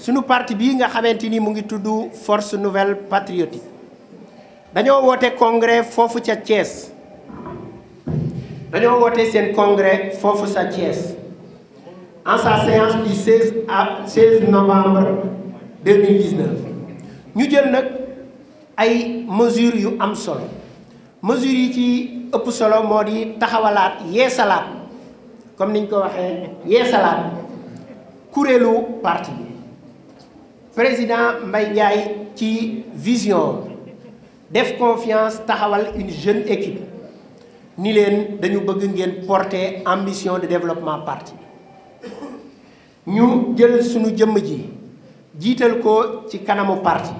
suñu parti bii nga xamante ni mu ngi tudd force nouvelle patriotique dañoo woote congrès foofu ca Thiès dañoo woote seen congrès foofu sa Thiès en sa séance du 16 à 16 novembre 2019 ñu jël nag ay mesures yu am solo mesures yi ci ëpp solo moo di taxawalaat yeesalaat comme niñ ko waxee yeesalaat kuréelu parti bi président Mbaye qui ci vision def confiance taxawal une jeune équipe ni len dañu bëgg ngeen porter ambition de développement parti ñu jël suñu jëm ji jiital ko ci kanamu parti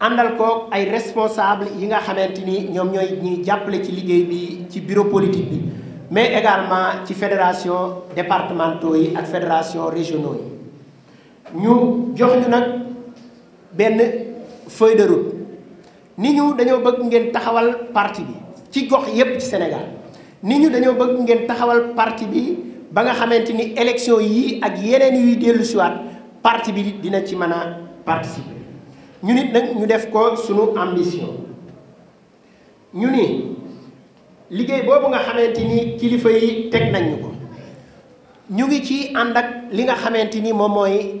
andal ko ay responsable yi nga xamanteni ñom ñoy ñi jappalé ci liggéey bi ci bureau politique bi mais également ci fédération départementaux yi ak fédération régionaux yi ñu jox ñu nag benn feuille de ni ñu dañoo bëgg ngeen taxawal parti bi ci gox yépp ci Sénégal ni ñu dañoo bëgg ngeen taxawal parti bi ba nga xamante ni élection yii ak yeneen yuy dellu siwaat parti bi dina ci mën a participer ñu nit nag ñu def ko sunu ambition ñu ni liggéey boobu nga xamante ni kilifa yi teg nañ ko ñu ngi ci ànd ak li nga xamante ni moom mooy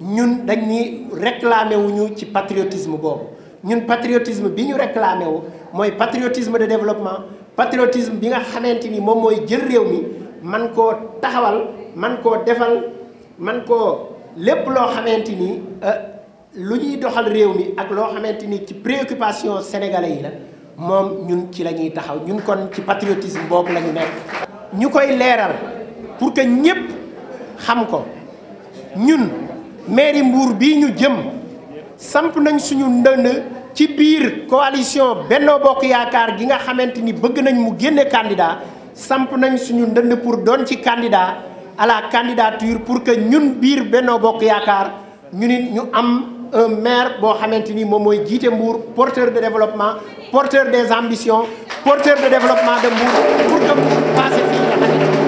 ñun dañ ni réclamé wuñu ci patriotisme boobu ñun patriotisme bi ñu réclamé wu mooy patriotisme de développement patriotisme bi nga xamante ni moom mooy jël réew mi man koo taxawal man koo defal man koo lépp loo xamante ni euh, lu ñuy doxal réew mi ak loo xamante ni ci préoccupation sénégalais yi la moom ñun ci la ñuy taxaw ñun kon ci patriotisme boobu la ñu nekk. ñu koy leeral pour que ñëpp xam ko ñun. mairie Mbour bii ñu jëm samp nañ suñu ndënd ci biir coalition Benno Bokk Yaakaar gi nga xamante ni bëgg nañ mu génne candidat samp nañ suñu ndënd pour doon ci candidat à la candidature pour que ñun biir Benno Bokk Yaakaar ñu nit ñu am maire boo xamante ni moom mooy jiite Mbour porteur de développement porteur des ambitions porteur de développement de Mbour pour que Mbour passe fii nga xamante